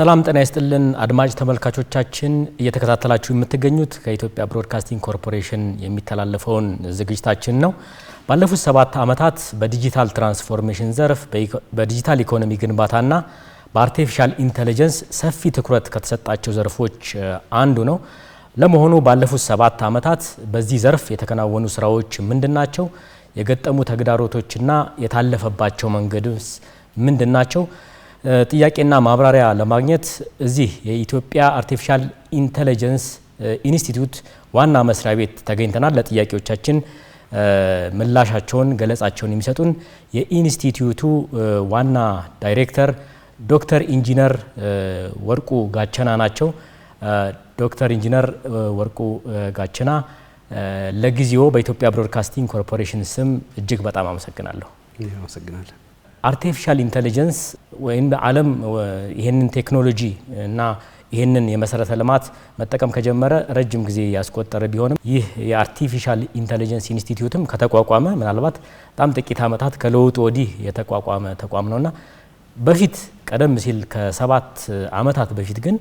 ሰላም ጤና ይስጥልን አድማጭ ተመልካቾቻችን፣ እየተከታተላችሁ የምትገኙት ከኢትዮጵያ ብሮድካስቲንግ ኮርፖሬሽን የሚተላለፈውን ዝግጅታችን ነው። ባለፉት ሰባት ዓመታት በዲጂታል ትራንስፎርሜሽን ዘርፍ በዲጂታል ኢኮኖሚ ግንባታና በአርቲፊሻል ኢንቴሊጀንስ ሰፊ ትኩረት ከተሰጣቸው ዘርፎች አንዱ ነው። ለመሆኑ ባለፉት ሰባት ዓመታት በዚህ ዘርፍ የተከናወኑ ስራዎች ምንድን ናቸው? የገጠሙ ተግዳሮቶችና የታለፈባቸው መንገድስ ምንድን ናቸው? ጥያቄና ማብራሪያ ለማግኘት እዚህ የኢትዮጵያ አርቲፊሻል ኢንተለጀንስ ኢንስቲትዩት ዋና መስሪያ ቤት ተገኝተናል። ለጥያቄዎቻችን ምላሻቸውን፣ ገለጻቸውን የሚሰጡን የኢንስቲትዩቱ ዋና ዳይሬክተር ዶክተር ኢንጂነር ወርቁ ጋቸና ናቸው። ዶክተር ኢንጂነር ወርቁ ጋቸና ለጊዜው በኢትዮጵያ ብሮድካስቲንግ ኮርፖሬሽን ስም እጅግ በጣም አመሰግናለሁ። አመሰግናለሁ። አርቲፊሻል ኢንቴሊጀንስ ወይም ዓለም ይህንን ቴክኖሎጂ እና ይህንን የመሰረተ ልማት መጠቀም ከጀመረ ረጅም ጊዜ ያስቆጠረ ቢሆንም ይህ የአርቲፊሻል ኢንቴሊጀንስ ኢንስቲትዩትም ከተቋቋመ ምናልባት በጣም ጥቂት ዓመታት ከለውጥ ወዲህ የተቋቋመ ተቋም ነውና በፊት ቀደም ሲል ከሰባት ዓመታት በፊት ግን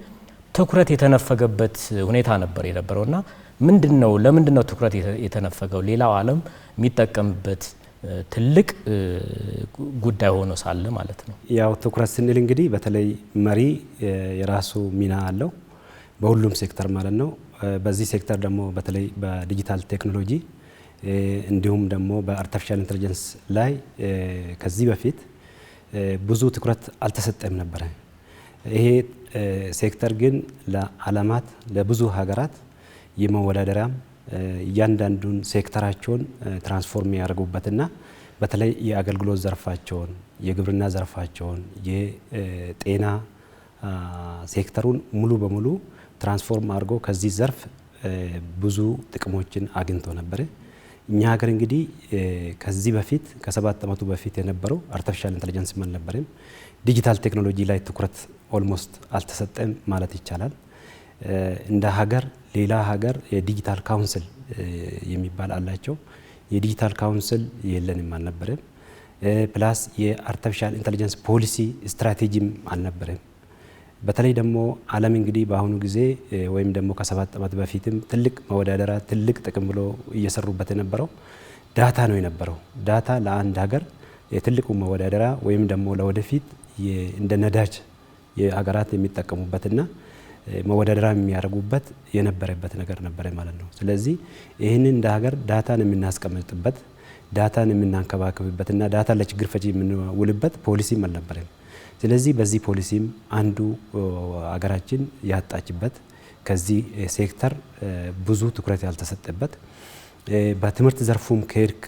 ትኩረት የተነፈገበት ሁኔታ ነበር የነበረውና ምንድን ነው ለምንድን ነው ትኩረት የተነፈገው ሌላው ዓለም የሚጠቀምበት ትልቅ ጉዳይ ሆኖ ሳለ ማለት ነው። ያው ትኩረት ስንል እንግዲህ በተለይ መሪ የራሱ ሚና አለው በሁሉም ሴክተር ማለት ነው። በዚህ ሴክተር ደግሞ በተለይ በዲጂታል ቴክኖሎጂ እንዲሁም ደግሞ በአርቲፊሻል ኢንቴሊጀንስ ላይ ከዚህ በፊት ብዙ ትኩረት አልተሰጠም ነበረ። ይሄ ሴክተር ግን ለዓለማት ለብዙ ሀገራት የመወዳደሪያም እያንዳንዱን ሴክተራቸውን ትራንስፎርም ያደርጉበትና በተለይ የአገልግሎት ዘርፋቸውን፣ የግብርና ዘርፋቸውን፣ የጤና ሴክተሩን ሙሉ በሙሉ ትራንስፎርም አድርጎ ከዚህ ዘርፍ ብዙ ጥቅሞችን አግኝቶ ነበረ። እኛ ሀገር እንግዲህ ከዚህ በፊት ከሰባት ዓመቱ በፊት የነበረው አርቲፊሻል ኢንቴሊጀንስ አልነበረም። ዲጂታል ቴክኖሎጂ ላይ ትኩረት ኦልሞስት አልተሰጠም ማለት ይቻላል። እንደ ሀገር ሌላ ሀገር የዲጂታል ካውንስል የሚባል አላቸው። የዲጂታል ካውንስል የለንም አልነበረም። ፕላስ የአርቲፊሻል ኢንቴሊጀንስ ፖሊሲ ስትራቴጂም አልነበረም። በተለይ ደግሞ ዓለም እንግዲህ በአሁኑ ጊዜ ወይም ደግሞ ከሰባት ዓመት በፊትም ትልቅ መወዳደራ ትልቅ ጥቅም ብሎ እየሰሩበት የነበረው ዳታ ነው የነበረው። ዳታ ለአንድ ሀገር የትልቁ መወዳደራ ወይም ደግሞ ለወደፊት እንደ ነዳጅ የሀገራት የሚጠቀሙበትና መወዳደራ የሚያደርጉበት የነበረበት ነገር ነበረ ማለት ነው። ስለዚህ ይህንን እንደ ሀገር ዳታን የምናስቀምጥበት ዳታን የምናንከባከብበት እና ዳታ ለችግር ፈጪ የምንውልበት ፖሊሲም አልነበረም። ስለዚህ በዚህ ፖሊሲም አንዱ ሀገራችን ያጣችበት ከዚህ ሴክተር ብዙ ትኩረት ያልተሰጠበት በትምህርት ዘርፉም ከሄድክ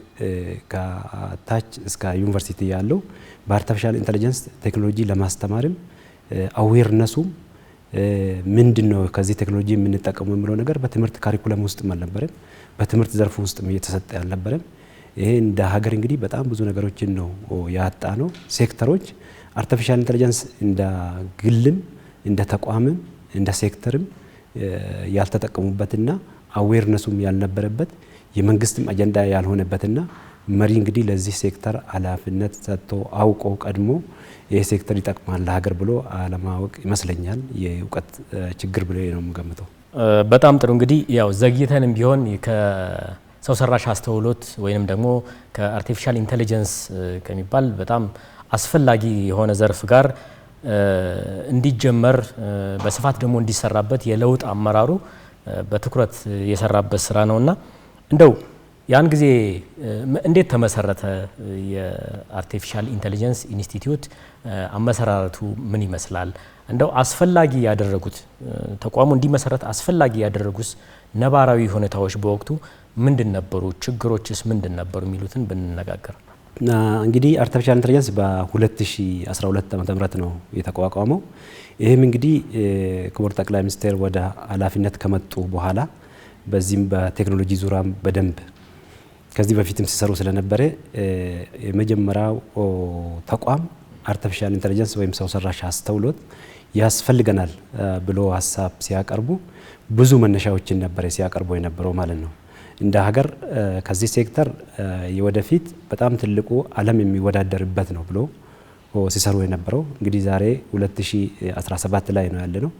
ከታች እስከ ዩኒቨርሲቲ ያለው በአርቲፊሻል ኢንተለጀንስ ቴክኖሎጂ ለማስተማርም አዌርነሱም ምንድን ነው ከዚህ ቴክኖሎጂ የምንጠቀመው የሚለው ነገር በትምህርት ካሪኩለም ውስጥም አልነበረም፣ በትምህርት ዘርፍ ውስጥም እየተሰጠ አልነበረም። ይሄ እንደ ሀገር እንግዲህ በጣም ብዙ ነገሮችን ነው ያጣ ነው። ሴክተሮች አርቲፊሻል ኢንተለጀንስ እንደ ግልም እንደ ተቋምም እንደ ሴክተርም ያልተጠቀሙበትና አዌርነሱም ያልነበረበት የመንግስትም አጀንዳ ያልሆነበትና መሪ እንግዲህ ለዚህ ሴክተር ኃላፊነት ሰጥቶ አውቆ ቀድሞ ይህ ሴክተር ይጠቅማል ለሀገር ብሎ አለማወቅ ይመስለኛል የእውቀት ችግር ብሎ ነው የምገምተው። በጣም ጥሩ እንግዲህ ያው ዘግይተንም ቢሆን ከሰው ሰራሽ አስተውሎት ወይንም ደግሞ ከአርቲፊሻል ኢንቴሊጀንስ ከሚባል በጣም አስፈላጊ የሆነ ዘርፍ ጋር እንዲጀመር በስፋት ደግሞ እንዲሰራበት የለውጥ አመራሩ በትኩረት የሰራበት ስራ ነውና እንደው ያን ጊዜ እንዴት ተመሰረተ? የአርቲፊሻል ኢንቴሊጀንስ ኢንስቲትዩት አመሰራረቱ ምን ይመስላል? እንደው አስፈላጊ ያደረጉት ተቋሙ እንዲመሰረት አስፈላጊ ያደረጉት ነባራዊ ሁኔታዎች በወቅቱ ምንድን ነበሩ? ችግሮችስ ምንድን ነበሩ? የሚሉትን ብንነጋገር እንግዲህ አርቲፊሻል ኢንቴሊጀንስ በ2012 ዓ.ም ነው የተቋቋመው። ይህም እንግዲህ ክቡር ጠቅላይ ሚኒስትር ወደ ኃላፊነት ከመጡ በኋላ በዚህም በቴክኖሎጂ ዙሪያም በደንብ ከዚህ በፊትም ሲሰሩ ስለነበረ የመጀመሪያው ተቋም አርቲፊሻል ኢንተለጀንስ ወይም ሰው ሰራሽ አስተውሎት ያስፈልገናል ብሎ ሀሳብ ሲያቀርቡ ብዙ መነሻዎችን ነበረ ሲያቀርቡ የነበረው ማለት ነው። እንደ ሀገር ከዚህ ሴክተር የወደፊት በጣም ትልቁ ዓለም የሚወዳደርበት ነው ብሎ ሲሰሩ የነበረው እንግዲህ ዛሬ 2017 ላይ ነው ያለ ነው።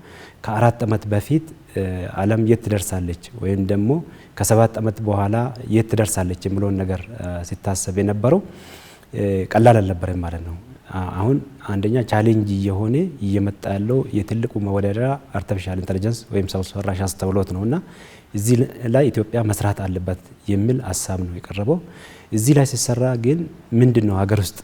ከአራት ዓመት በፊት ዓለም የት ትደርሳለች ወይም ደግሞ ከሰባት ዓመት በኋላ የት ትደርሳለች የሚለውን ነገር ሲታሰብ የነበረው ቀላል አልነበረም ማለት ነው። አሁን አንደኛ ቻሌንጅ እየሆነ እየመጣ ያለው የትልቁ መወዳደሪያ አርቲፊሻል ኢንተለጀንስ ወይም ሰው ሰራሽ አስተውሎት ነው እና እዚህ ላይ ኢትዮጵያ መስራት አለባት የሚል ሀሳብ ነው የቀረበው። እዚህ ላይ ሲሰራ ግን ምንድን ነው ሀገር ውስጥ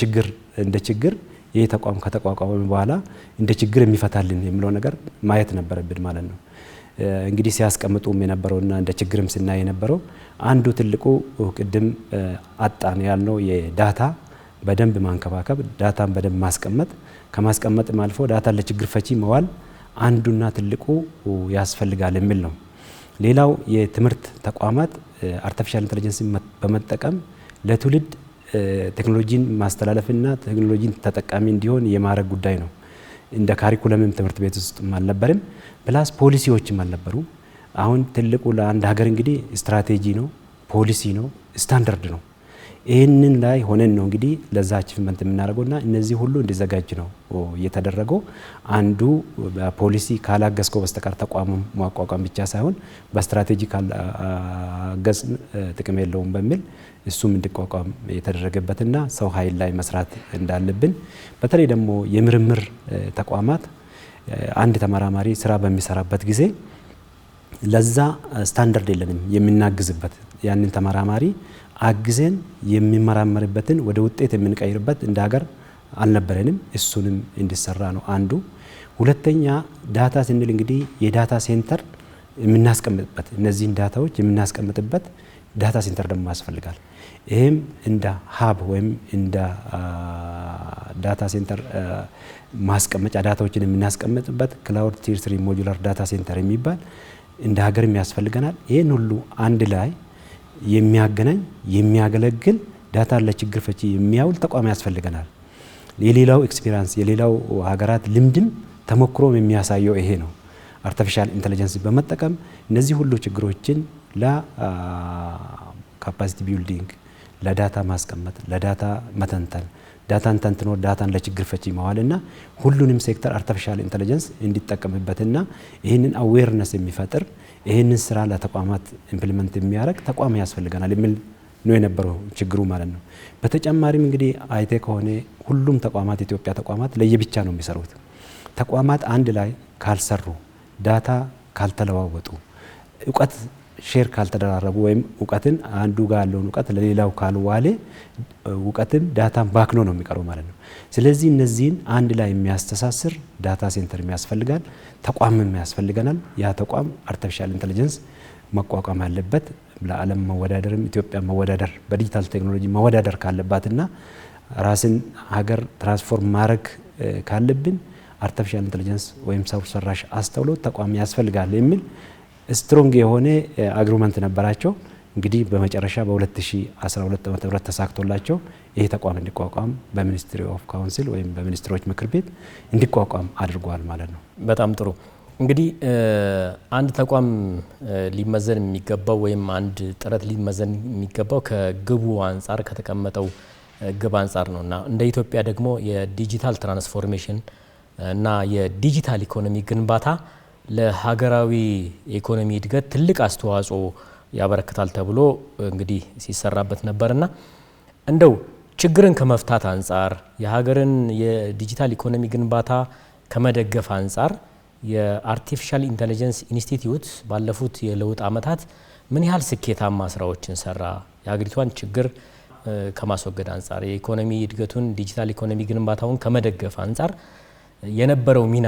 ችግር እንደ ችግር ይህ ተቋም ከተቋቋመ በኋላ እንደ ችግር የሚፈታልን የሚለው ነገር ማየት ነበረብን ማለት ነው። እንግዲህ ሲያስቀምጡም የነበረውና እንደ ችግርም ስናይ የነበረው አንዱ ትልቁ ቅድም አጣን ያልነው የዳታ በደንብ ማንከባከብ፣ ዳታን በደንብ ማስቀመጥ፣ ከማስቀመጥም አልፎ ዳታን ለችግር ፈቺ መዋል አንዱና ትልቁ ያስፈልጋል የሚል ነው። ሌላው የትምህርት ተቋማት አርቲፊሻል ኢንተለጀንስ በመጠቀም ለትውልድ ቴክኖሎጂን ማስተላለፍና ቴክኖሎጂን ተጠቃሚ እንዲሆን የማድረግ ጉዳይ ነው። እንደ ካሪኩለምም ትምህርት ቤት ውስጥም አልነበርም፣ ፕላስ ፖሊሲዎችም አልነበሩ። አሁን ትልቁ ለአንድ ሀገር እንግዲህ ስትራቴጂ ነው፣ ፖሊሲ ነው፣ ስታንዳርድ ነው። ይህንን ላይ ሆነን ነው እንግዲህ ለዛ አቺቭመንት ና እነዚህ ሁሉ እንዲዘጋጅ ነው እየተደረገው። አንዱ በፖሊሲ ካላገዝከው በስተቀር ተቋሙ ማቋቋም ብቻ ሳይሆን በስትራቴጂ ካላገዝ ጥቅም የለውም በሚል እሱም እንዲቋቋም የተደረገበትና ሰው ኃይል ላይ መስራት እንዳለብን በተለይ ደግሞ የምርምር ተቋማት አንድ ተመራማሪ ስራ በሚሰራበት ጊዜ ለዛ ስታንዳርድ የለንም የምናግዝበት ያንን ተመራማሪ አግዘን የሚመራመርበትን ወደ ውጤት የምንቀይርበት እንደ ሀገር አልነበረንም። እሱንም እንዲሰራ ነው አንዱ። ሁለተኛ ዳታ ስንል እንግዲህ የዳታ ሴንተር የምናስቀምጥበት እነዚህን ዳታዎች የምናስቀምጥበት ዳታ ሴንተር ደግሞ ያስፈልጋል። ይህም እንደ ሀብ ወይም እንደ ዳታ ሴንተር ማስቀመጫ ዳታዎችን የምናስቀምጥበት ክላውድ ቲር ስሪ ሞጁላር ዳታ ሴንተር የሚባል እንደ ሀገርም ያስፈልገናል። ይህን ሁሉ አንድ ላይ የሚያገናኝ የሚያገለግል ዳታ ለችግር ፈቺ የሚያውል ተቋም ያስፈልገናል። የሌላው ኤክስፒሪንስ የሌላው ሀገራት ልምድም ተሞክሮም የሚያሳየው ይሄ ነው። አርቲፊሻል ኢንቴሊጀንስ በመጠቀም እነዚህ ሁሉ ችግሮችን ለካፓሲቲ ቢልዲንግ፣ ለዳታ ማስቀመጥ፣ ለዳታ መተንተን ዳታን ተንትኖ ዳታን ለችግር ፈቺ መዋል እና ሁሉንም ሴክተር አርቲፊሻል ኢንቴሊጀንስ እንዲጠቀምበትና ይህንን አዌርነስ የሚፈጥር ይህንን ስራ ለተቋማት ኢምፕሊመንት የሚያደርግ ተቋም ያስፈልገናል የሚል ነው የነበረው ችግሩ ማለት ነው። በተጨማሪም እንግዲህ አይቴ e ከሆነ ሁሉም ተቋማት የኢትዮጵያ ተቋማት ለየብቻ ነው የሚሰሩት። ተቋማት አንድ ላይ ካልሰሩ፣ ዳታ ካልተለዋወጡ፣ እውቀት ሼር ካልተደራረቡ ወይም እውቀትን አንዱ ጋር ያለውን እውቀት ለሌላው ካልዋለ እውቀትን ዳታን ባክኖ ነው የሚቀረው ማለት ነው። ስለዚህ እነዚህን አንድ ላይ የሚያስተሳስር ዳታ ሴንተር ያስፈልጋል፣ ተቋምም ያስፈልገናል። ያ ተቋም አርቲፊሻል ኢንቴሊጀንስ መቋቋም ያለበት ለዓለም መወዳደርም ኢትዮጵያ መወዳደር በዲጂታል ቴክኖሎጂ መወዳደር ካለባትና ራስን ሀገር ትራንስፎርም ማድረግ ካለብን አርቲፊሻል ኢንቴሊጀንስ ወይም ሰው ሰራሽ አስተውሎት ተቋም ያስፈልጋል የሚል ስትሮንግ የሆነ አግሪመንት ነበራቸው። እንግዲህ በመጨረሻ በ2012 ዓ.ም ተሳክቶላቸው ይሄ ተቋም እንዲቋቋም በሚኒስትሪ ኦፍ ካውንስል ወይም በሚኒስትሮች ምክር ቤት እንዲቋቋም አድርጓል ማለት ነው። በጣም ጥሩ። እንግዲህ አንድ ተቋም ሊመዘን የሚገባው ወይም አንድ ጥረት ሊመዘን የሚገባው ከግቡ አንጻር ከተቀመጠው ግብ አንጻር ነው እና እንደ ኢትዮጵያ ደግሞ የዲጂታል ትራንስፎርሜሽን እና የዲጂታል ኢኮኖሚ ግንባታ ለሀገራዊ የኢኮኖሚ እድገት ትልቅ አስተዋጽኦ ያበረክታል ተብሎ እንግዲህ ሲሰራበት ነበርና እንደው ችግርን ከመፍታት አንጻር የሀገርን የዲጂታል ኢኮኖሚ ግንባታ ከመደገፍ አንጻር የአርቲፊሻል ኢንቴሊጀንስ ኢንስቲትዩት ባለፉት የለውጥ ዓመታት ምን ያህል ስኬታማ ስራዎችን ሰራ? የሀገሪቷን ችግር ከማስወገድ አንጻር የኢኮኖሚ እድገቱን ዲጂታል ኢኮኖሚ ግንባታውን ከመደገፍ አንጻር የነበረው ሚና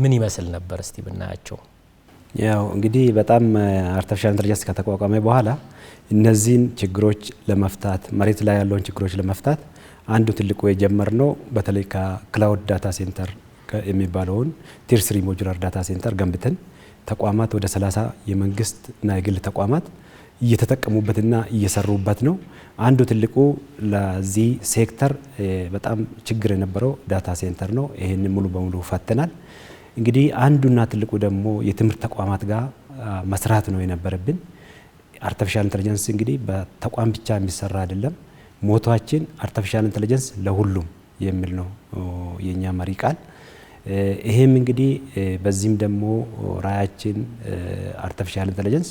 ምን ይመስል ነበር? እስቲ ብናያቸው። ያው እንግዲህ በጣም አርቲፊሻል ኢንተለጀንስ ከተቋቋመ በኋላ እነዚህን ችግሮች ለመፍታት መሬት ላይ ያለውን ችግሮች ለመፍታት አንዱ ትልቁ የጀመርነው በተለይ ከክላውድ ዳታ ሴንተር የሚባለውን ቲር ስሪ ሞጁላር ዳታ ሴንተር ገንብተን ተቋማት ወደ 30 የመንግስትና የግል ተቋማት እየተጠቀሙበትና እየሰሩበት ነው። አንዱ ትልቁ ለዚህ ሴክተር በጣም ችግር የነበረው ዳታ ሴንተር ነው። ይህን ሙሉ በሙሉ ፈትናል። እንግዲህ አንዱና ትልቁ ደግሞ የትምህርት ተቋማት ጋር መስራት ነው የነበረብን። አርቲፊሻል ኢንቴሊጀንስ እንግዲህ በተቋም ብቻ የሚሰራ አይደለም። ሞቷችን አርቲፊሻል ኢንተለጀንስ ለሁሉም የሚል ነው የእኛ መሪ ቃል። ይህም እንግዲህ በዚህም ደግሞ ራዕያችን አርቲፊሻል ኢንተለጀንስ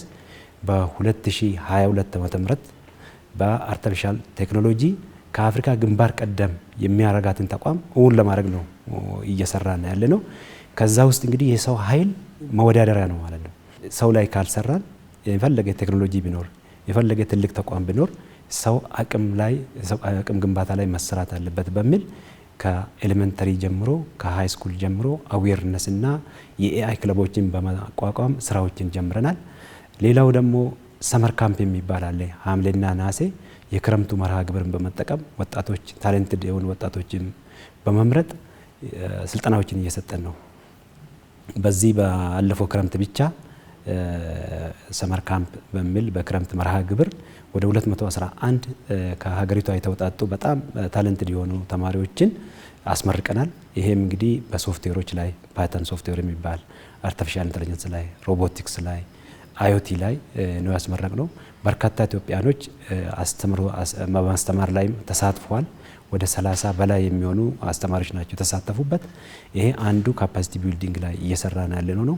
በ2022 ዓ ም በአርተፊሻል ቴክኖሎጂ ከአፍሪካ ግንባር ቀደም የሚያረጋትን ተቋም እውን ለማድረግ ነው እየሰራን ያለ ነው። ከዛ ውስጥ እንግዲህ የሰው ኃይል መወዳደሪያ ነው ማለት ነው። ሰው ላይ ካልሰራን የፈለገ ቴክኖሎጂ ቢኖር የፈለገ ትልቅ ተቋም ቢኖር ሰው አቅም ላይ ሰው አቅም ግንባታ ላይ መሰራት አለበት በሚል ከኤሌመንተሪ ጀምሮ ከሃይ ስኩል ጀምሮ አዌርነስና የኤአይ ክለቦችን በማቋቋም ስራዎችን ጀምረናል። ሌላው ደግሞ ሰመር ካምፕ የሚባል አለ። ሐምሌና ናሴ የክረምቱ መርሃ ግብርን በመጠቀም ወጣቶች ታለንትድ የሆኑ ወጣቶችን በመምረጥ ስልጠናዎችን እየሰጠን ነው። በዚህ ባለፈው ክረምት ብቻ ሰመር ካምፕ በሚል በክረምት መርሃ ግብር ወደ 211 ከሀገሪቷ የተውጣጡ በጣም ታለንትድ የሆኑ ተማሪዎችን አስመርቀናል። ይሄም እንግዲህ በሶፍትዌሮች ላይ ፓይተን ሶፍትዌር የሚባል አርቲፊሻል ኢንተለጀንስ ላይ ሮቦቲክስ ላይ አዮቲ ላይ ነው ያስመረቅ ነው። በርካታ ኢትዮጵያኖች አስተምሮ በማስተማር ላይም ተሳትፏል። ወደ 30 በላይ የሚሆኑ አስተማሪዎች ናቸው የተሳተፉበት። ይሄ አንዱ ካፓሲቲ ቢልዲንግ ላይ እየሰራ ነው ነው።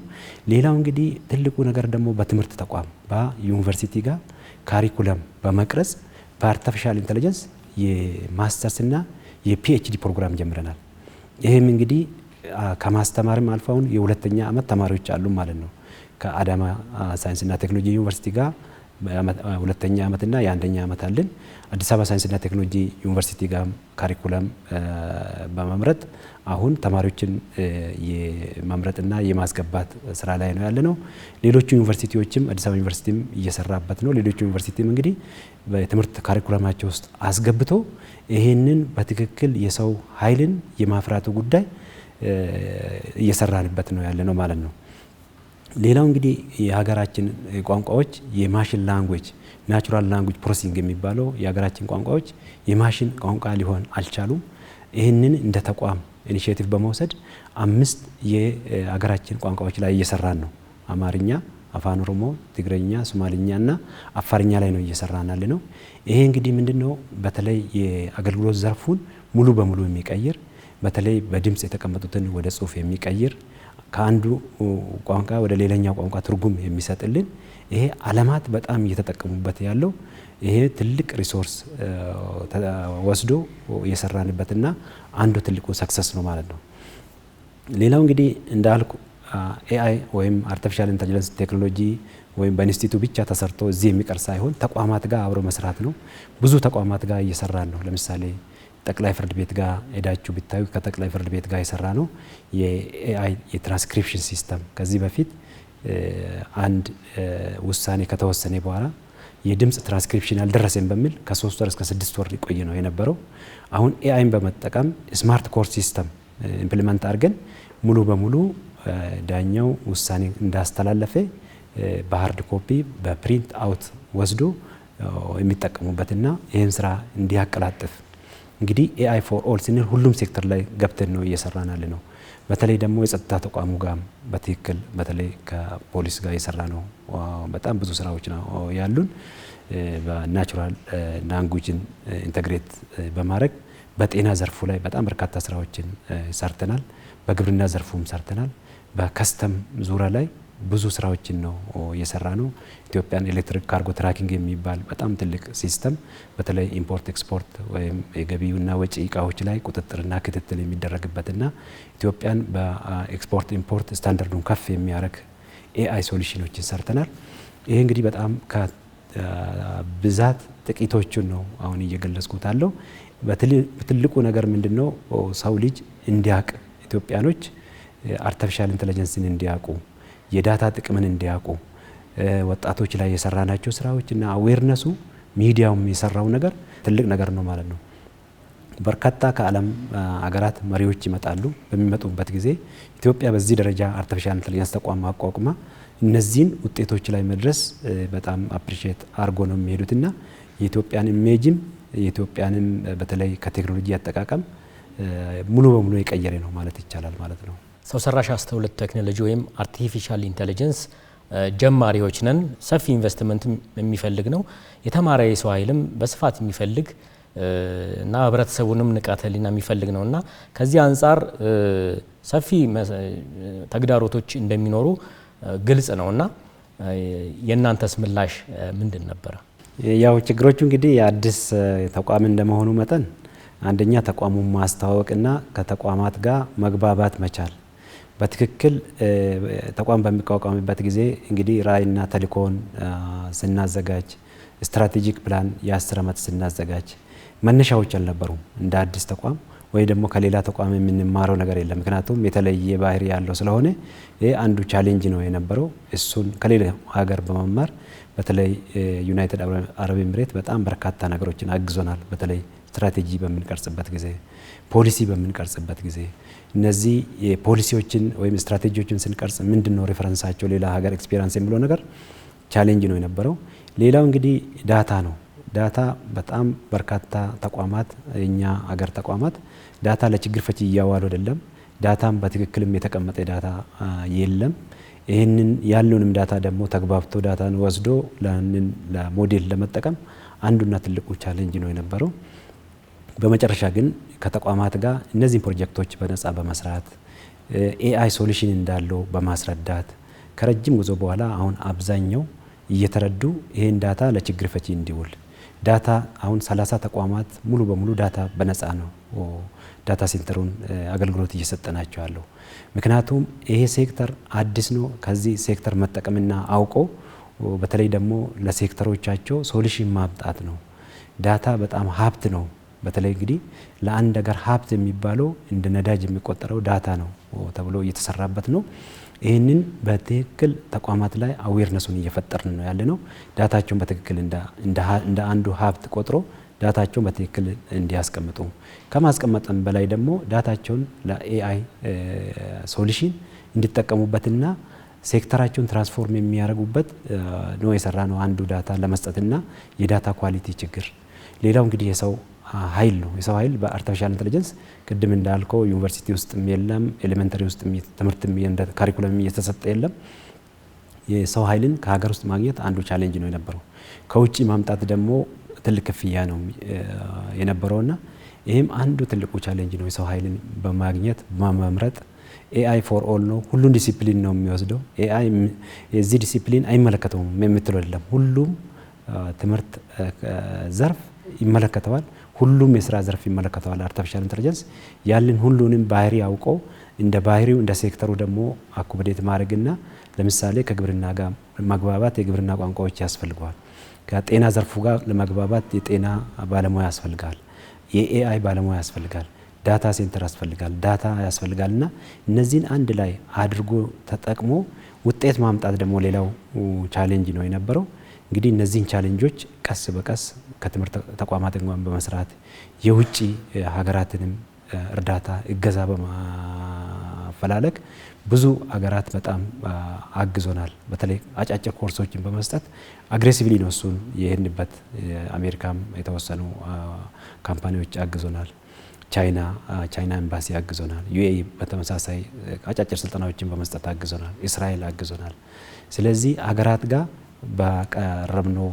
ሌላው እንግዲህ ትልቁ ነገር ደግሞ በትምህርት ተቋም በዩኒቨርሲቲ ጋር ካሪኩለም በመቅረጽ በአርቲፊሻል ኢንቴሊጀንስ የማስተርስና የፒኤችዲ ፕሮግራም ጀምረናል። ይህም እንግዲህ ከማስተማርም አልፎ አሁን የሁለተኛ ዓመት ተማሪዎች አሉ ማለት ነው። ከአዳማ ሳይንስና ቴክኖሎጂ ዩኒቨርሲቲ ጋር ሁለተኛ ዓመትና የአንደኛ ዓመት አለን። አዲስ አበባ ሳይንስና ቴክኖሎጂ ዩኒቨርሲቲ ጋር ካሪኩለም በመምረጥ አሁን ተማሪዎችን የመምረጥና የማስገባት ስራ ላይ ነው ያለ ነው። ሌሎቹ ዩኒቨርሲቲዎችም አዲስ አበባ ዩኒቨርሲቲም እየሰራበት ነው። ሌሎቹ ዩኒቨርሲቲም እንግዲህ በትምህርት ካሪኩለማቸው ውስጥ አስገብቶ ይሄንን በትክክል የሰው ኃይልን የማፍራቱ ጉዳይ እየሰራንበት ነው ያለ ነው ማለት ነው። ሌላው እንግዲህ የሀገራችን ቋንቋዎች የማሽን ላንጉጅ ናቹራል ላንጉጅ ፕሮሲንግ የሚባለው የሀገራችን ቋንቋዎች የማሽን ቋንቋ ሊሆን አልቻሉም። ይህንን እንደ ተቋም ኢኒሽቲቭ በመውሰድ አምስት የሀገራችን ቋንቋዎች ላይ እየሰራን ነው። አማርኛ፣ አፋን ኦሮሞ፣ ትግረኛ፣ ሶማልኛ እና አፋርኛ ላይ ነው እየሰራናል ነው። ይሄ እንግዲህ ምንድን ነው በተለይ የአገልግሎት ዘርፉን ሙሉ በሙሉ የሚቀይር በተለይ በድምፅ የተቀመጡትን ወደ ጽሁፍ የሚቀይር ከአንዱ ቋንቋ ወደ ሌላኛው ቋንቋ ትርጉም የሚሰጥልን ይሄ አለማት በጣም እየተጠቀሙበት ያለው ይሄ ትልቅ ሪሶርስ ወስዶ እየሰራንበትና አንዱ ትልቁ ሰክሰስ ነው ማለት ነው። ሌላው እንግዲህ እንዳልኩ ኤአይ ወይም አርቲፊሻል ኢንተለጀንስ ቴክኖሎጂ ወይም በኢንስቲቱ ብቻ ተሰርቶ እዚህ የሚቀር ሳይሆን ተቋማት ጋር አብሮ መስራት ነው። ብዙ ተቋማት ጋር እየሰራን ነው። ለምሳሌ ጠቅላይ ፍርድ ቤት ጋር ሄዳችሁ ብታዩ ከጠቅላይ ፍርድ ቤት ጋር የሰራ ነው የኤአይ የትራንስክሪፕሽን ሲስተም ከዚህ በፊት አንድ ውሳኔ ከተወሰነ በኋላ የድምፅ ትራንስክሪፕሽን አልደረሰም በሚል ከሶስት ወር እስከ ስድስት ወር ሊቆይ ነው የነበረው። አሁን ኤአይን በመጠቀም ስማርት ኮር ሲስተም ኢምፕሊመንት አድርገን ሙሉ በሙሉ ዳኛው ውሳኔ እንዳስተላለፈ በሀርድ ኮፒ በፕሪንት አውት ወስዶ የሚጠቀሙበትና ይህን ስራ እንዲያቀላጥፍ እንግዲህ ኤአይ ፎር ኦል ስንል ሁሉም ሴክተር ላይ ገብተን ነው እየሰራናል ነው። በተለይ ደግሞ የጸጥታ ተቋሙ ጋር በትክክል በተለይ ከፖሊስ ጋር እየሰራ ነው። በጣም ብዙ ስራዎች ነው ያሉን። በናቹራል ላንጉጅን ኢንተግሬት በማድረግ በጤና ዘርፉ ላይ በጣም በርካታ ስራዎችን ሰርተናል። በግብርና ዘርፉም ሰርተናል። በከስተም ዙሪያ ላይ ብዙ ስራዎችን ነው እየሰራ ነው። ኢትዮጵያን ኤሌክትሪክ ካርጎ ትራኪንግ የሚባል በጣም ትልቅ ሲስተም በተለይ ኢምፖርት ኤክስፖርት ወይም የገቢውና ወጪ እቃዎች ላይ ቁጥጥርና ክትትል የሚደረግበትና ኢትዮጵያን በኤክስፖርት ኢምፖርት ስታንዳርዱን ከፍ የሚያደርግ ኤአይ ሶሉሽኖችን ሰርተናል። ይሄ እንግዲህ በጣም ከብዛት ጥቂቶቹን ነው አሁን እየገለጽኩት አለው። በትልቁ ነገር ምንድን ነው ሰው ልጅ እንዲያውቅ ኢትዮጵያኖች አርቲፊሻል ኢንቴሊጀንስን እንዲያውቁ የዳታ ጥቅምን እንዲያውቁ ወጣቶች ላይ የሰራናቸው ስራዎች እና አዌርነሱ ሚዲያውም የሰራው ነገር ትልቅ ነገር ነው ማለት ነው። በርካታ ከዓለም አገራት መሪዎች ይመጣሉ። በሚመጡበት ጊዜ ኢትዮጵያ በዚህ ደረጃ አርቲፊሻል ኢንተለጀንስ ተቋም አቋቁማ እነዚህን ውጤቶች ላይ መድረስ በጣም አፕሪሼት አድርጎ ነው የሚሄዱትና የኢትዮጵያን ኢሜጅም የኢትዮጵያንም በተለይ ከቴክኖሎጂ አጠቃቀም ሙሉ በሙሉ የቀየረ ነው ማለት ይቻላል ማለት ነው። ሰው ሰራሽ አስተውሎት ቴክኖሎጂ ወይም አርቲፊሻል ኢንቴሊጀንስ ጀማሪዎች ነን። ሰፊ ኢንቨስትመንት የሚፈልግ ነው። የተማረ የሰው ኃይልም በስፋት የሚፈልግ እና ህብረተሰቡንም ንቃተ ህሊና የሚፈልግ ነው እና ከዚህ አንጻር ሰፊ ተግዳሮቶች እንደሚኖሩ ግልጽ ነው እና የእናንተስ ምላሽ ምንድን ነበረ? ያው ችግሮቹ እንግዲህ አዲስ ተቋም እንደመሆኑ መጠን አንደኛ ተቋሙን ማስተዋወቅና ከተቋማት ጋር መግባባት መቻል በትክክል ተቋም በሚቋቋምበት ጊዜ እንግዲህ ራዕይና ተልእኮን ስናዘጋጅ ስትራቴጂክ ፕላን የአስር ዓመት ስናዘጋጅ መነሻዎች አልነበሩም። እንደ አዲስ ተቋም ወይ ደግሞ ከሌላ ተቋም የምንማረው ነገር የለም። ምክንያቱም የተለየ ባህሪ ያለው ስለሆነ ይህ አንዱ ቻሌንጅ ነው የነበረው። እሱን ከሌላ ሀገር በመማር በተለይ ዩናይትድ አረብ ኤምሬት በጣም በርካታ ነገሮችን አግዞናል። በተለይ ስትራቴጂ በምንቀርጽበት ጊዜ፣ ፖሊሲ በምንቀርጽበት ጊዜ እነዚህ የፖሊሲዎችን ወይም ስትራቴጂዎችን ስንቀርጽ ምንድን ነው ሬፈረንሳቸው ሌላ ሀገር ኤክስፔሪንስ የሚለው ነገር ቻሌንጅ ነው የነበረው። ሌላው እንግዲህ ዳታ ነው። ዳታ በጣም በርካታ ተቋማት የኛ ሀገር ተቋማት ዳታ ለችግር ፈቺ እያዋሉ አይደለም። ዳታም በትክክልም የተቀመጠ ዳታ የለም። ይህንን ያለውንም ዳታ ደግሞ ተግባብቶ ዳታን ወስዶ ለሞዴል ለመጠቀም አንዱና ትልቁ ቻሌንጅ ነው የነበረው። በመጨረሻ ግን ከተቋማት ጋር እነዚህን ፕሮጀክቶች በነጻ በመስራት ኤአይ ሶሉሽን እንዳለው በማስረዳት ከረጅም ጉዞ በኋላ አሁን አብዛኛው እየተረዱ ይህን ዳታ ለችግር ፈቺ እንዲውል ዳታ አሁን 30 ተቋማት ሙሉ በሙሉ ዳታ በነጻ ነው ዳታ ሴንተሩን አገልግሎት እየሰጠ ናቸው ያለው። ምክንያቱም ይሄ ሴክተር አዲስ ነው። ከዚህ ሴክተር መጠቀምና አውቆ በተለይ ደግሞ ለሴክተሮቻቸው ሶሉሽን ማምጣት ነው። ዳታ በጣም ሀብት ነው። በተለይ እንግዲህ ለአንድ ሀገር ሀብት የሚባለው እንደ ነዳጅ የሚቆጠረው ዳታ ነው ተብሎ እየተሰራበት ነው። ይህንን በትክክል ተቋማት ላይ አዌርነሱን እየፈጠርን ነው ያለ ነው። ዳታቸውን በትክክል እንደ አንዱ ሀብት ቆጥሮ ዳታቸውን በትክክል እንዲያስቀምጡ ከማስቀመጥም በላይ ደግሞ ዳታቸውን ለኤአይ ሶሉሽን እንዲጠቀሙበትና ሴክተራቸውን ትራንስፎርም የሚያደርጉበት ነው የሰራ ነው አንዱ ዳታ ለመስጠትና የዳታ ኳሊቲ ችግር ሌላው እንግዲህ የሰው ኃይል ነው። የሰው ኃይል በአርቲፊሻል ኢንቴሊጀንስ ቅድም እንዳልከው ዩኒቨርሲቲ ውስጥም የለም፣ ኤሌመንተሪ ውስጥ ትምህርት ካሪኩለም እየተሰጠ የለም። የሰው ኃይልን ከሀገር ውስጥ ማግኘት አንዱ ቻሌንጅ ነው የነበረው። ከውጭ ማምጣት ደግሞ ትልቅ ክፍያ ነው የነበረውና ይህም አንዱ ትልቁ ቻሌንጅ ነው። የሰው ኃይልን በማግኘት በመምረጥ ኤአይ ፎር ኦል ነው። ሁሉን ዲሲፕሊን ነው የሚወስደው። ኤአይ የዚህ ዲሲፕሊን አይመለከተውም የምትለው አይደለም። ሁሉም ትምህርት ዘርፍ ይመለከተዋል። ሁሉም የስራ ዘርፍ ይመለከተዋል። አርቲፊሻል ኢንተለጀንስ ያንን ሁሉንም ባህሪ አውቆ እንደ ባህሪው እንደ ሴክተሩ ደግሞ አኩብዴት ማድረግና ለምሳሌ ከግብርና ጋር መግባባት የግብርና ቋንቋዎች ያስፈልገዋል። ከጤና ዘርፉ ጋር ለመግባባት የጤና ባለሙያ ያስፈልጋል። የኤአይ ባለሙያ ያስፈልጋል። ዳታ ሴንተር ያስፈልጋል። ዳታ ያስፈልጋል። እና እነዚህን አንድ ላይ አድርጎ ተጠቅሞ ውጤት ማምጣት ደግሞ ሌላው ቻሌንጅ ነው የነበረው። እንግዲህ እነዚህን ቻለንጆች ቀስ በቀስ ከትምህርት ተቋማት እንኳን በመስራት የውጭ ሀገራትንም እርዳታ እገዛ በማፈላለግ ብዙ ሀገራት በጣም አግዞናል። በተለይ አጫጭር ኮርሶችን በመስጠት አግሬሲቭሊ ነው እሱን የሄድንበት። አሜሪካም የተወሰኑ ካምፓኒዎች አግዞናል። ቻይና ቻይና ኤምባሲ አግዞናል። ዩኤ በተመሳሳይ አጫጭር ስልጠናዎችን በመስጠት አግዞናል። እስራኤል አግዞናል። ስለዚህ ሀገራት ጋር ባቀረብነው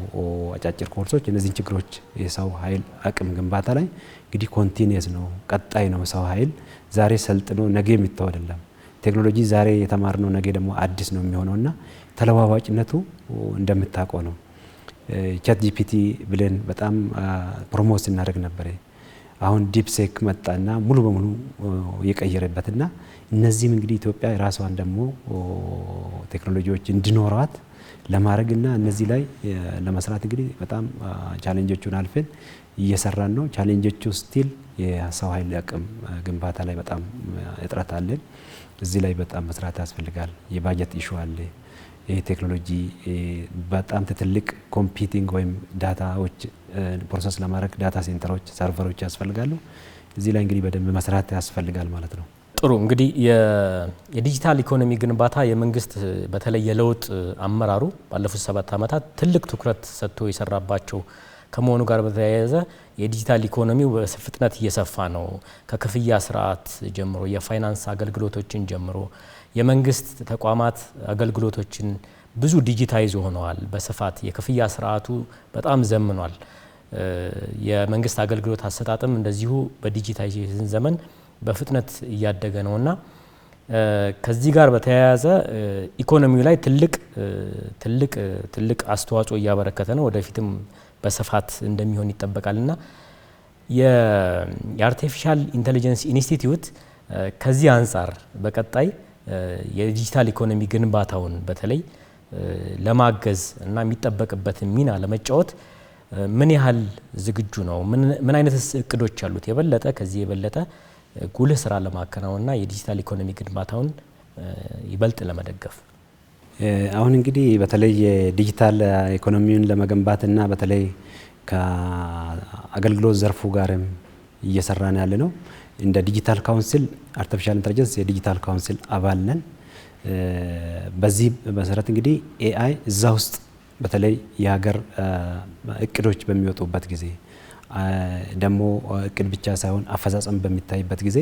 አጫጭር ኮርሶች እነዚህን ችግሮች የሰው ኃይል አቅም ግንባታ ላይ እንግዲህ ኮንቲኒየስ ነው፣ ቀጣይ ነው። ሰው ኃይል ዛሬ ሰልጥኖ ነገ የሚተው አይደለም። ቴክኖሎጂ ዛሬ የተማርነው ነገ ደግሞ አዲስ ነው የሚሆነው እና ተለዋዋጭነቱ እንደምታውቀው ነው። ቻት ጂፒቲ ብለን በጣም ፕሮሞት ስናደርግ ነበረ። አሁን ዲፕሴክ መጣና ሙሉ በሙሉ የቀየረበትና እነዚህም እንግዲህ ኢትዮጵያ የራሷን ደግሞ ቴክኖሎጂዎች እንዲኖሯት ለማድረግና እነዚህ ላይ ለመስራት እንግዲህ በጣም ቻሌንጆቹን አልፈን እየሰራን ነው። ቻሌንጆቹ ስቲል የሰው ኃይል አቅም ግንባታ ላይ በጣም እጥረት አለን። እዚህ ላይ በጣም መስራት ያስፈልጋል። የባጀት ኢሹ አለ። ቴክኖሎጂ በጣም ትልቅ ኮምፒቲንግ ወይም ዳታዎች ፕሮሰስ ለማድረግ ዳታ ሴንተሮች፣ ሰርቨሮች ያስፈልጋሉ። እዚህ ላይ እንግዲህ በደንብ መስራት ያስፈልጋል ማለት ነው። ጥሩ እንግዲህ የዲጂታል ኢኮኖሚ ግንባታ የመንግስት በተለይ የለውጥ አመራሩ ባለፉት ሰባት ዓመታት ትልቅ ትኩረት ሰጥቶ የሰራባቸው ከመሆኑ ጋር በተያያዘ የዲጂታል ኢኮኖሚው በፍጥነት እየሰፋ ነው። ከክፍያ ስርዓት ጀምሮ የፋይናንስ አገልግሎቶችን ጀምሮ የመንግስት ተቋማት አገልግሎቶችን ብዙ ዲጂታይዝ ሆነዋል በስፋት የክፍያ ስርዓቱ በጣም ዘምኗል። የመንግስት አገልግሎት አሰጣጥም እንደዚሁ በዲጂታይዜሽን ዘመን በፍጥነት እያደገ ነውና ከዚህ ጋር በተያያዘ ኢኮኖሚው ላይ ትልቅ ትልቅ ትልቅ አስተዋጽኦ እያበረከተ ነው። ወደፊትም በስፋት እንደሚሆን ይጠበቃልና የአርቲፊሻል ኢንቴሊጀንስ ኢንስቲትዩት ከዚህ አንጻር በቀጣይ የዲጂታል ኢኮኖሚ ግንባታውን በተለይ ለማገዝ እና የሚጠበቅበትን ሚና ለመጫወት ምን ያህል ዝግጁ ነው? ምን አይነት እቅዶች አሉት? የበለጠ ከዚህ የበለጠ ጉልህ ስራ ለማከናወንና የዲጂታል ኢኮኖሚ ግንባታውን ይበልጥ ለመደገፍ አሁን እንግዲህ በተለይ የዲጂታል ኢኮኖሚውን ለመገንባትና በተለይ ከአገልግሎት ዘርፉ ጋርም እየሰራን ያለ ነው። እንደ ዲጂታል ካውንስል አርቲፊሻል ኢንተለጀንስ የዲጂታል ካውንስል አባል ነን። በዚህ መሰረት እንግዲህ ኤአይ እዛ ውስጥ በተለይ የሀገር እቅዶች በሚወጡበት ጊዜ ደግሞ እቅድ ብቻ ሳይሆን አፈጻጸም በሚታይበት ጊዜ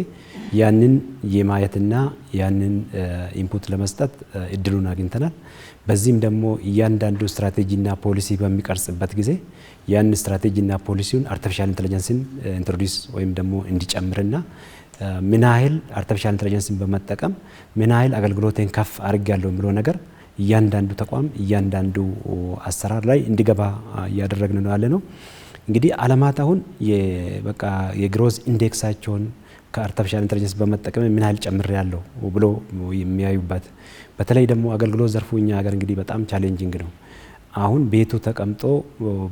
ያንን የማየትና ያንን ኢንፑት ለመስጠት እድሉን አግኝተናል። በዚህም ደግሞ እያንዳንዱ ስትራቴጂና ፖሊሲ በሚቀርጽበት ጊዜ ያን ስትራቴጂና ፖሊሲውን አርቲፊሻል ኢንቴሊጀንስን ኢንትሮዲስ ወይም ደግሞ እንዲጨምርና ምን ያህል አርቲፊሻል ኢንቴሊጀንስን በመጠቀም ምን ያህል አገልግሎቴን ከፍ አድርግ ያለው የሚለው ነገር እያንዳንዱ ተቋም እያንዳንዱ አሰራር ላይ እንዲገባ እያደረግን ነው ያለ ነው። እንግዲህ አለማት አሁን በቃ የግሮዝ ኢንዴክሳቸውን ከአርቲፊሻል ኢንተለጀንስ በመጠቀም ምን ያህል ጨምር ያለው ብሎ የሚያዩበት በተለይ ደግሞ አገልግሎት ዘርፉ እኛ ሀገር እንግዲህ በጣም ቻሌንጂንግ ነው። አሁን ቤቱ ተቀምጦ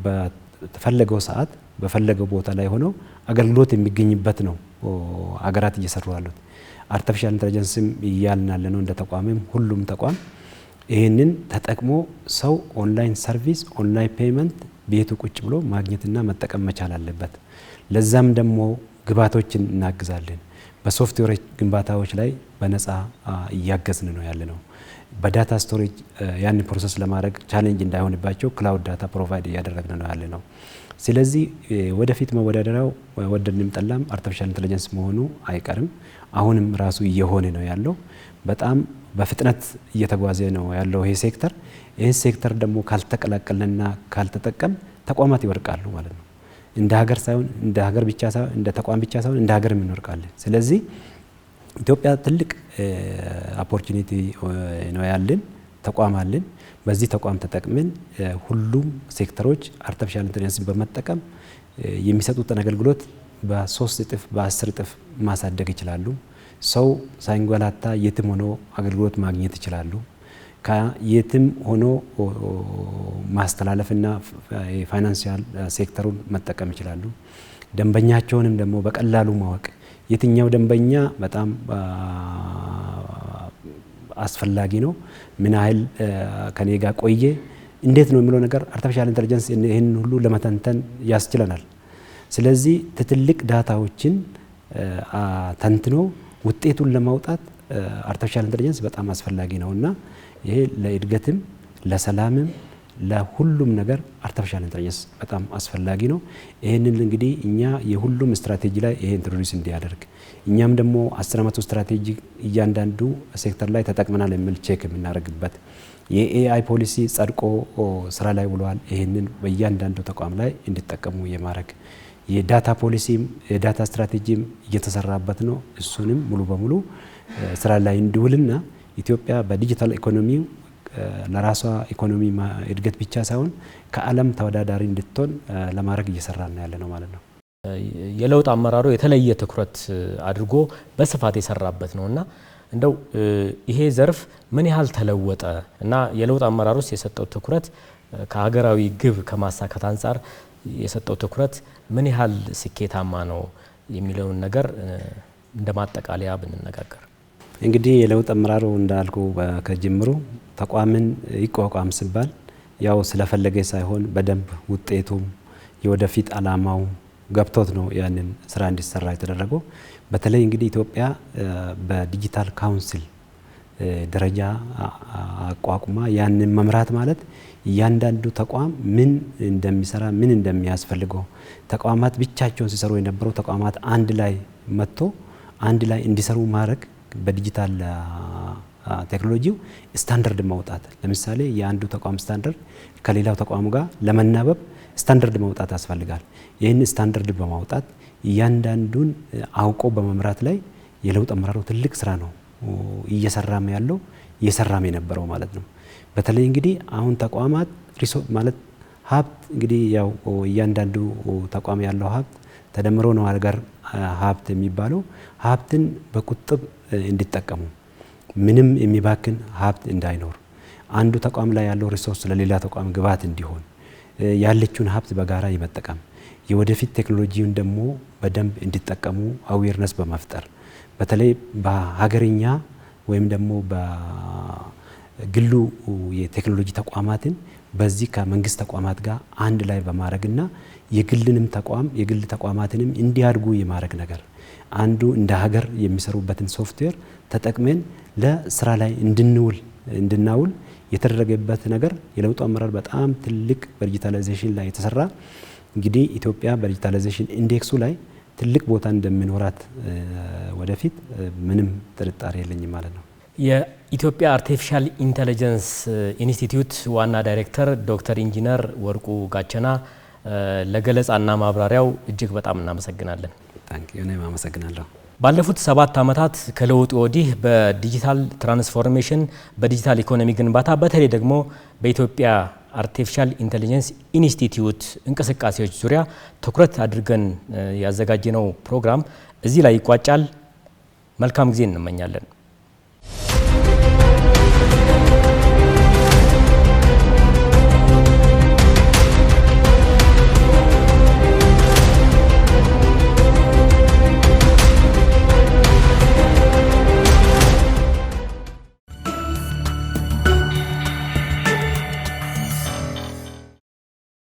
በተፈለገው ሰዓት በፈለገው ቦታ ላይ ሆነው አገልግሎት የሚገኝበት ነው ሀገራት እየሰሩ ያሉት። አርቲፊሻል ኢንተለጀንስም እያልናለ ነው እንደ ተቋምም ሁሉም ተቋም ይህንን ተጠቅሞ ሰው ኦንላይን ሰርቪስ ኦንላይን ፔመንት ቤቱ ቁጭ ብሎ ማግኘትና መጠቀም መቻል አለበት። ለዛም ደግሞ ግብዓቶችን እናግዛለን። በሶፍትዌር ግንባታዎች ላይ በነፃ እያገዝን ነው ያለ ነው። በዳታ ስቶሬጅ ያን ፕሮሰስ ለማድረግ ቻሌንጅ እንዳይሆንባቸው ክላውድ ዳታ ፕሮቫይድ እያደረግን ነው ያለ ነው። ስለዚህ ወደፊት መወዳደሪያው ወደድንም ጠላም አርቲፊሻል ኢንቴሊጀንስ መሆኑ አይቀርም። አሁንም ራሱ እየሆነ ነው ያለው። በጣም በፍጥነት እየተጓዘ ነው ያለው ይሄ ሴክተር። ይህ ሴክተር ደግሞ ካልተቀላቀልንና ካልተጠቀም ተቋማት ይወድቃሉ ማለት ነው። እንደ ሀገር ሳይሆን እንደ ሀገር ብቻ ሳይሆን እንደ ተቋም ብቻ ሳይሆን እንደ ሀገር የምንወድቃለን። ስለዚህ ኢትዮጵያ ትልቅ ኦፖርቹኒቲ ነው ያለን ተቋም አለን። በዚህ ተቋም ተጠቅመን ሁሉም ሴክተሮች አርቲፊሻል ኢንተለጀንስን በመጠቀም የሚሰጡትን አገልግሎት በሶስት እጥፍ በአስር እጥፍ ማሳደግ ይችላሉ። ሰው ሳይንጓላታ የትም ሆኖ አገልግሎት ማግኘት ይችላሉ። ከየትም ሆኖ ማስተላለፍና የፋይናንሲያል ሴክተሩን መጠቀም ይችላሉ። ደንበኛቸውንም ደግሞ በቀላሉ ማወቅ የትኛው ደንበኛ በጣም አስፈላጊ ነው፣ ምን ያህል ከኔ ጋር ቆየ፣ እንዴት ነው የሚለው ነገር አርቲፊሻል ኢንተለጀንስ ይህን ሁሉ ለመተንተን ያስችለናል። ስለዚህ ትልቅ ዳታዎችን ተንትኖ ውጤቱን ለማውጣት አርቲፊሻል ኢንተለጀንስ በጣም አስፈላጊ ነውና ይሄ ለእድገትም ለሰላምም ለሁሉም ነገር አርቲፊሻል ኢንተለጀንስ በጣም አስፈላጊ ነው። ይህንን እንግዲህ እኛ የሁሉም ስትራቴጂ ላይ ይሄ ኢንትሮዲስ እንዲያደርግ እኛም ደግሞ አስር አመቱ ስትራቴጂ እያንዳንዱ ሴክተር ላይ ተጠቅመናል የሚል ቼክ የምናደርግበት የኤአይ ፖሊሲ ጸድቆ ስራ ላይ ውለዋል። ይህንን በእያንዳንዱ ተቋም ላይ እንዲጠቀሙ የማድረግ የዳታ ፖሊሲም የዳታ ስትራቴጂም እየተሰራበት ነው። እሱንም ሙሉ በሙሉ ስራ ላይ እንዲውልና ኢትዮጵያ በዲጂታል ኢኮኖሚው ለራሷ ኢኮኖሚ እድገት ብቻ ሳይሆን ከዓለም ተወዳዳሪ እንድትሆን ለማድረግ እየሰራ ነው ያለ ነው ማለት ነው። የለውጥ አመራሩ የተለየ ትኩረት አድርጎ በስፋት የሰራበት ነው እና እንደው ይሄ ዘርፍ ምን ያህል ተለወጠ እና የለውጥ አመራር ውስጥ የሰጠው ትኩረት ከሀገራዊ ግብ ከማሳካት አንጻር የሰጠው ትኩረት ምን ያህል ስኬታማ ነው የሚለውን ነገር እንደ ማጠቃለያ ብንነጋገር እንግዲህ የለውጥ አመራሩ እንዳልኩ ከጅምሩ ተቋምን ይቋቋም ሲባል ያው ስለፈለገ ሳይሆን በደንብ ውጤቱም የወደፊት አላማው ገብቶት ነው ያንን ስራ እንዲሰራ የተደረገው። በተለይ እንግዲህ ኢትዮጵያ በዲጂታል ካውንስል ደረጃ አቋቁማ ያንን መምራት ማለት እያንዳንዱ ተቋም ምን እንደሚሰራ ምን እንደሚያስፈልገው ተቋማት ብቻቸውን ሲሰሩ የነበሩ ተቋማት አንድ ላይ መጥቶ አንድ ላይ እንዲሰሩ ማድረግ በዲጂታል ቴክኖሎጂው ስታንዳርድ ማውጣት ለምሳሌ የአንዱ ተቋም ስታንዳርድ ከሌላው ተቋም ጋር ለመናበብ ስታንዳርድ ማውጣት ያስፈልጋል። ይህን ስታንዳርድ በማውጣት እያንዳንዱን አውቆ በመምራት ላይ የለውጥ አመራሩ ትልቅ ስራ ነው እየሰራም ያለው እየሰራም የነበረው ማለት ነው። በተለይ እንግዲህ አሁን ተቋማት ማለት ሀብት እንግዲህ ያው እያንዳንዱ ተቋም ያለው ሀብት ተደምሮ ነው ሀገር ሀብት የሚባለው ሀብትን በቁጥብ እንዲጠቀሙ ምንም የሚባክን ሀብት እንዳይኖር አንዱ ተቋም ላይ ያለው ሪሶርስ ለሌላ ተቋም ግብዓት እንዲሆን ያለችውን ሀብት በጋራ የመጠቀም የወደፊት ቴክኖሎጂውን ደግሞ በደንብ እንዲጠቀሙ አዌርነስ በመፍጠር በተለይ በሀገርኛ ወይም ደግሞ በግሉ የቴክኖሎጂ ተቋማትን በዚህ ከመንግስት ተቋማት ጋር አንድ ላይ በማድረግና የግልንም ተቋም የግል ተቋማትንም እንዲያድጉ የማድረግ ነገር አንዱ እንደ ሀገር የሚሰሩበትን ሶፍትዌር ተጠቅመን ለስራ ላይ እንድንውል እንድናውል የተደረገበት ነገር የለውጡ አመራር በጣም ትልቅ በዲጂታላይዜሽን ላይ የተሰራ እንግዲህ ኢትዮጵያ በዲጂታላይዜሽን ኢንዴክሱ ላይ ትልቅ ቦታ እንደምኖራት ወደፊት ምንም ጥርጣሬ የለኝም ማለት ነው። የኢትዮጵያ አርቲፊሻል ኢንተለጀንስ ኢንስቲትዩት ዋና ዳይሬክተር ዶክተር ኢንጂነር ወርቁ ጋቸና eh, ለገለጻና ማብራሪያው እጅግ በጣም እናመሰግናለን። እኔም አመሰግናለሁ። ባለፉት ሰባት ዓመታት ከለውጡ ወዲህ በዲጂታል ትራንስፎርሜሽን፣ በዲጂታል ኢኮኖሚ ግንባታ በተለይ ደግሞ በኢትዮጵያ አርቲፊሻል ኢንተለጀንስ ኢንስቲትዩት እንቅስቃሴዎች ዙሪያ ትኩረት አድርገን eh, ያዘጋጀነው ፕሮግራም እዚህ ላይ ይቋጫል። መልካም ጊዜ እንመኛለን።